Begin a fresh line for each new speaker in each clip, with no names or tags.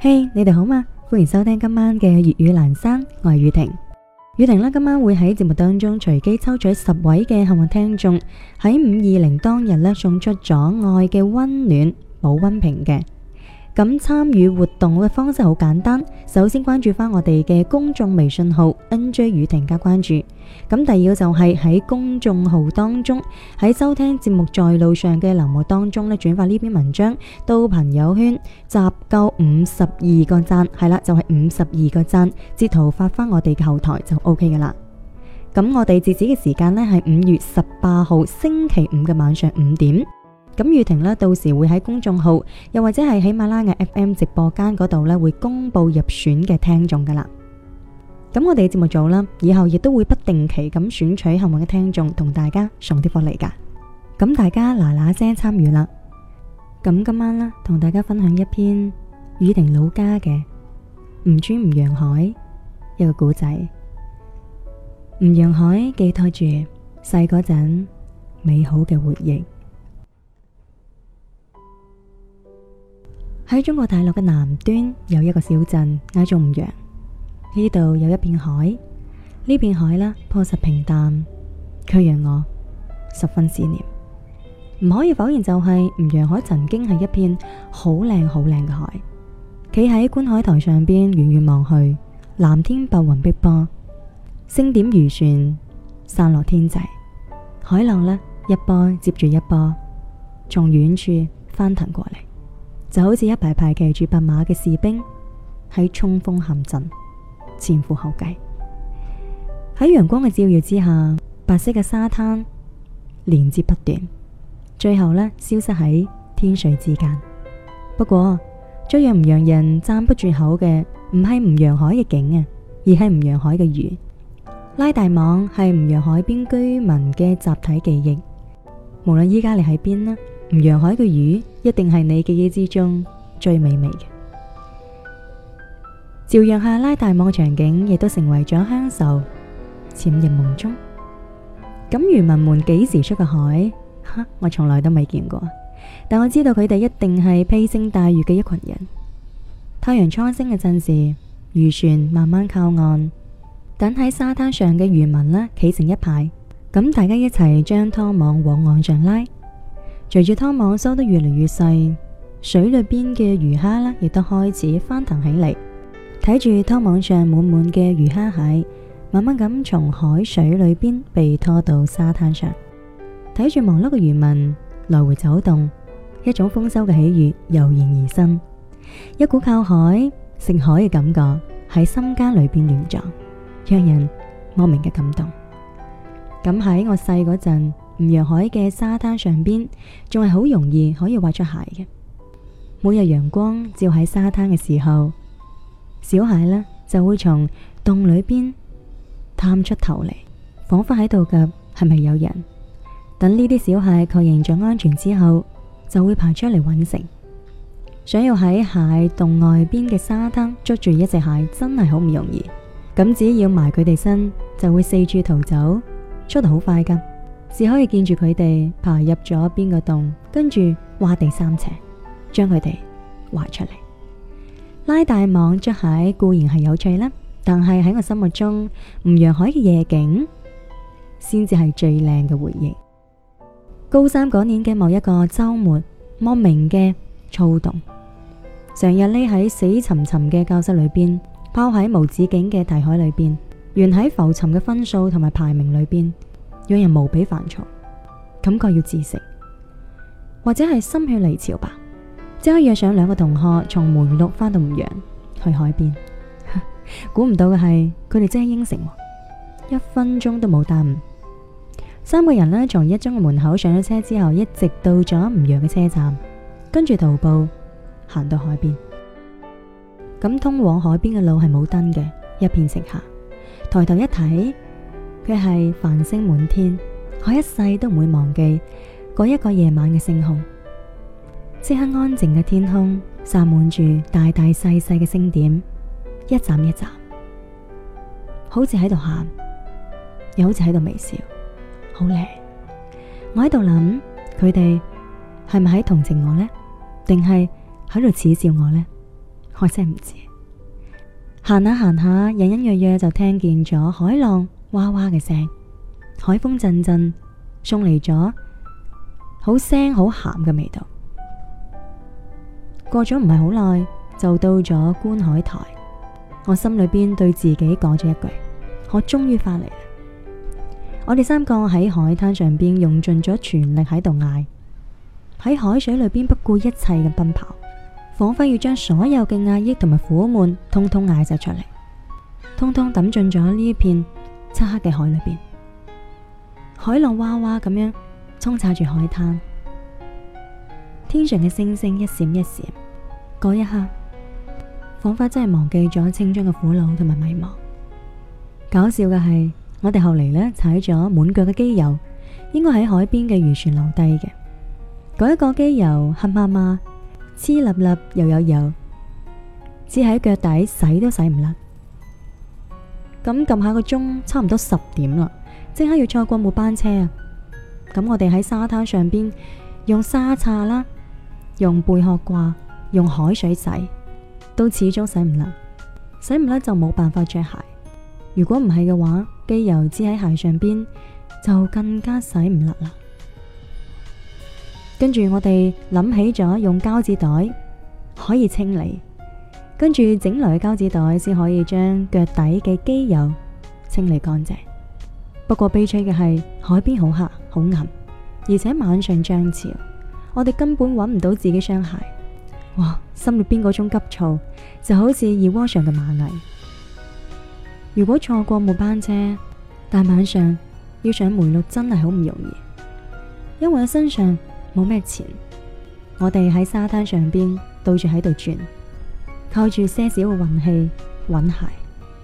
嘿，hey, 你哋好嗎？歡迎收聽今晚嘅粵語闌珊，我係宇婷。宇婷啦，今晚會喺節目當中隨機抽取十位嘅幸運聽眾，喺五二零當日送出咗愛嘅溫暖保溫瓶嘅。咁參與活動嘅方式好簡單，首先關注翻我哋嘅公眾微信號 NJ 宇婷加關注。咁第二個就係喺公眾號當中，喺收聽節目在路上嘅欄目當中呢轉發呢篇文章到朋友圈，集夠五十二個讚，係啦就係五十二個讚，截圖發翻我哋嘅後台就 O K 噶啦。咁我哋截止嘅時間呢，係五月十八號星期五嘅晚上五點。咁宇婷呢，到時會喺公眾號，又或者係喜馬拉雅 FM 直播間嗰度呢，會公布入選嘅聽眾噶啦。咁我哋節目組啦，以後亦都會不定期咁選取幸運嘅聽眾，同大家送啲福利嚟噶。咁大家嗱嗱聲參與啦。咁今晚啦，同大家分享一篇宇婷老家嘅吳川吳陽海一個古仔。吳陽海寄託住細嗰陣美好嘅回憶。喺中國大陸嘅南端有一個小鎮，嗌做吳陽。呢度有一片海，呢片海呢，樸實平淡，卻讓我十分思念。唔可以否認，就是，就係吳陽海曾經係一片好靚好靚嘅海。企喺觀海台上邊，遠遠望去，藍天白雲碧波，星點漁船散落天際，海浪呢，一波接住一波，從遠處翻騰過嚟。就好似一排排騎住白馬嘅士兵喺衝鋒陷陣，前赴後繼。喺陽光嘅照耀之下，白色嘅沙灘連接不斷，最後呢，消失喺天水之間。不過最讓吳陽人讚不住口嘅，唔係吳陽海嘅景啊，而係吳陽海嘅魚。拉大網係吳陽海邊居民嘅集體記憶。無論依家你喺邊啦。吳陽海嘅魚一定係你記憶之中最美味嘅。朝陽下拉大網嘅場景亦都成為咗鄉愁，潛入夢中。咁漁民們幾時出嘅海？哈，我從來都未見過，但我知道佢哋一定係披星戴月嘅一群人。太陽初升嘅陣時，漁船慢慢靠岸，等喺沙灘上嘅漁民啦，企成一排，咁大家一齊將拖網往岸上拉。隨住拖網收得越嚟越細，水裏邊嘅魚蝦呢亦都開始翻騰起嚟。睇住拖網上滿滿嘅魚蝦蟹，慢慢咁從海水裏邊被拖到沙灘上，睇住忙碌嘅漁民來回走動，一種豐收嘅喜悦油然而生，一股靠海食海嘅感覺喺心間裏邊亂撞，讓人莫名嘅感動。咁喺我細嗰陣。吳陽海嘅沙灘上邊仲係好容易可以挖出蟹嘅。每日陽光照喺沙灘嘅時候，小蟹呢就會從洞裏邊探出頭嚟，仿佛喺度嘅係咪有人？等呢啲小蟹確認咗安全之後，就會爬出嚟揾食。想要喺蟹洞外邊嘅沙灘捉住一隻蟹，真係好唔容易。咁只要埋佢哋身，就會四處逃走，速度好快噶。只可以見住佢哋爬入咗邊個洞，跟住挖地三尺，將佢哋挖出嚟。拉大網捉蟹固然係有趣啦，但係喺我心目中，吳陽海嘅夜景先至係最靚嘅回憶。高三嗰年嘅某一個周末，莫名嘅躁動，成日匿喺死沉沉嘅教室裏邊，泡喺無止境嘅題海裏邊，懸喺浮沉嘅分數同埋排名裏邊。讓人無比煩躁，感覺要窒息，或者係心血嚟潮吧。即係可以約上兩個同學從梅菉翻到吳陽去海邊。估 唔到嘅係，佢哋真係應承，一分鐘都冇耽誤。三個人呢，從一中嘅門口上咗車之後，一直到咗吳陽嘅車站，跟住徒步行到海邊。咁通往海邊嘅路係冇燈嘅，一片漆黑，抬頭一睇。佢係繁星滿天，我一世都唔會忘記嗰一個夜晚嘅星空。漆黑安靜嘅天空，散滿住大大細細嘅星點，一眨一眨，好似喺度喊，又好似喺度微笑，好靚。我喺度諗，佢哋係咪喺同情我呢？定係喺度恥笑我呢？我真係唔知。行下行下，隱隱約約就聽見咗海浪。哇哇嘅聲，海風陣陣送嚟咗好腥好鹹嘅味道。過咗唔係好耐，就到咗觀海台。我心裏邊對自己講咗一句：我終於翻嚟啦！我哋三個喺海灘上邊用盡咗全力喺度嗌，喺海水裏邊不顧一切咁奔跑，仿佛要將所有嘅壓抑同埋苦悶通通嗌晒出嚟，通通抌進咗呢一片。漆黑嘅海裏邊，海浪嘩嘩咁樣沖刷住海灘，天上嘅星星一閃一閃。嗰一刻，仿佛真係忘記咗青春嘅苦惱同埋迷茫。搞笑嘅係，我哋後嚟呢踩咗滿腳嘅機油，應該喺海邊嘅漁船留低嘅。嗰一個機油黑麻麻、黐笠笠又有油，黐喺腳底洗都洗唔甩。咁撳下個鐘，差唔多十點啦，即刻要坐過末班車啊！咁我哋喺沙灘上邊用沙擦啦，用貝殼刮，用海水洗，都始終洗唔甩。洗唔甩就冇辦法着鞋。如果唔係嘅話，機油粘喺鞋上邊就更加洗唔甩啦。跟住我哋諗起咗用膠紙袋可以清理。跟住整來嘅膠紙袋，先可以將腳底嘅機油清理乾淨。不過悲催嘅係海邊好黑好暗，而且晚上漲潮，我哋根本搵唔到自己雙鞋。哇！心裏邊嗰種急躁，就好似熱鍋上嘅螞蟻。如果錯過末班車，大晚上要上梅菉真係好唔容易。因為我身上冇咩錢，我哋喺沙灘上邊到住喺度轉。靠住些少嘅運氣揾鞋，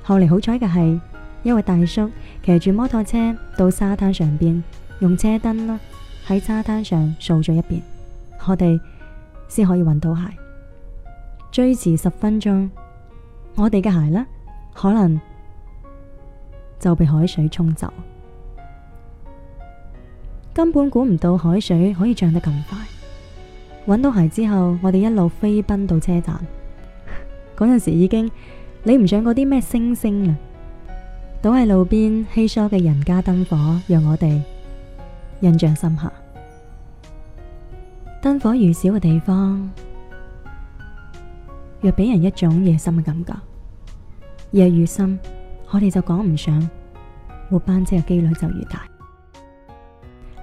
後嚟好彩嘅係一位大叔騎住摩托車到沙灘上邊，用車燈啦喺沙灘上掃咗一遍，我哋先可以揾到鞋。追遲十分鐘，我哋嘅鞋呢，可能就被海水沖走，根本估唔到海水可以漲得咁快。揾到鞋之後，我哋一路飛奔到車站。嗰陣時已經理唔上嗰啲咩星星啦，倒係路邊稀疏嘅人家燈火，讓我哋印象深刻。燈火越少嘅地方，越俾人一種夜深嘅感覺，夜越深，我哋就趕唔上末班車嘅機率就越大。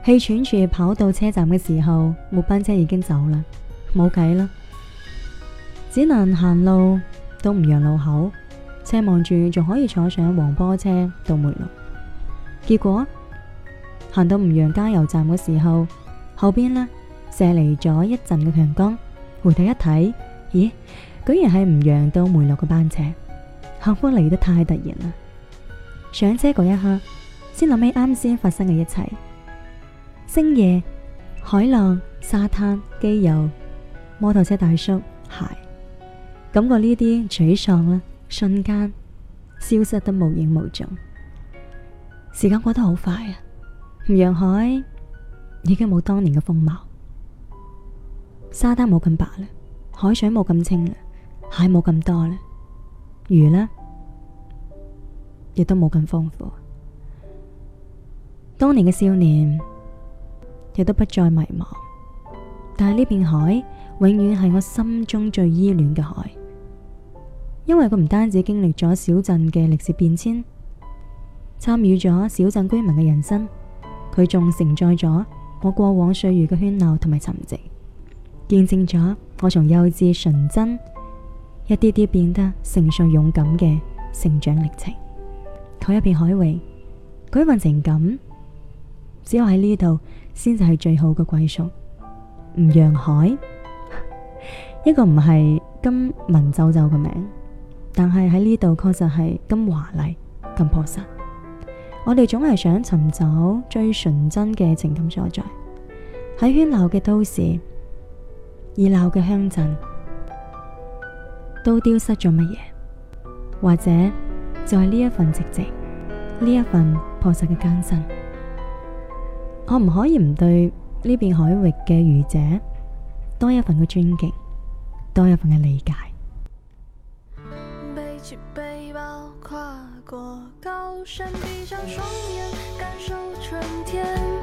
氣喘住跑到車站嘅時候，末班車已經走啦，冇計啦。只能行路到吳陽路口，奢望住仲可以坐上黃坡車到梅菉。結果行到吳陽加油站嘅時候，後邊呢射嚟咗一陣嘅強光，回頭一睇，咦，居然係吳陽到梅菉嘅班車，幸福嚟得太突然啦！上車嗰一刻，先諗起啱先發生嘅一切：星夜、海浪、沙灘、機油、摩托車大叔、鞋。感覺呢啲沮喪咧，瞬間消失得無影無蹤。時間過得好快啊！吳陽海已經冇當年嘅風貌，沙灘冇咁白啦，海水冇咁清啦，蟹冇咁多啦，魚呢亦都冇咁豐富。當年嘅少年亦都不再迷茫，但係呢片海永遠係我心中最依戀嘅海。因為佢唔單止經歷咗小鎮嘅歷史變遷，參與咗小鎮居民嘅人生，佢仲承載咗我過往歲月嘅喧鬧同埋沉寂，見證咗我從幼稚純真一啲啲變得成熟勇敢嘅成長歷程。佢一片海域，佢一份情感，只有喺呢度先至係最好嘅歸宿。吳陽海，一個唔係咁文縐縐嘅名。但係喺呢度確實係咁華麗、咁樸實。我哋總係想尋找最純真嘅情感所在。喺喧鬧嘅都市，熱鬧嘅鄉鎮，都丟失咗乜嘢？或者就係呢一份寂靜，呢一份樸實嘅艱辛。我唔可以唔對呢邊海域嘅漁者多一份嘅尊敬，多一份嘅理解。起
背包，跨過高山，閉上雙眼，感受春天。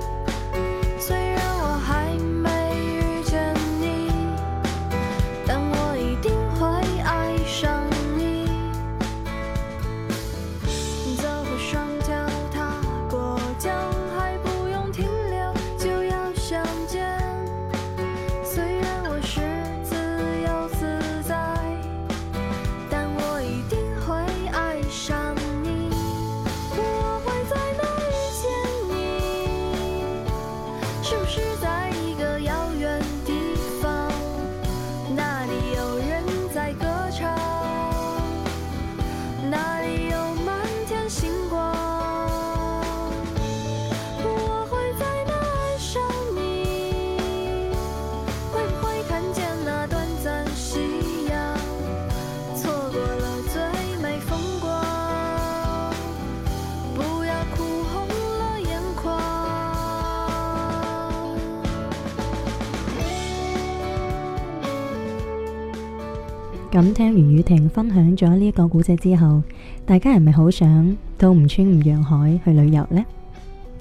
咁聽完宇婷分享咗呢個古仔之後，大家係咪好想到吳川吳陽海去旅遊呢？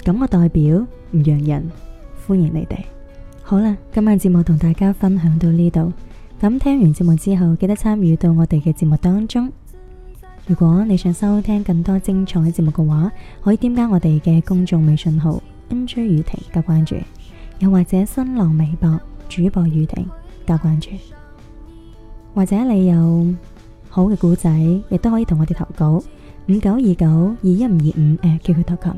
咁我代表吳陽人歡迎你哋。好啦，今晚節目同大家分享到呢度。咁聽完節目之後，記得參與到我哋嘅節目當中。如果你想收聽更多精彩節目嘅話，可以添加我哋嘅公眾微信號 NJ 宇婷加關注，又或者新浪微博主播宇婷加關注。或者你有好嘅故仔，亦都可以同我哋投稿五九二九二一五二五，誒，QQ 點 com。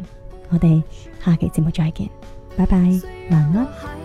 我哋下期節目再見，拜拜，晚安。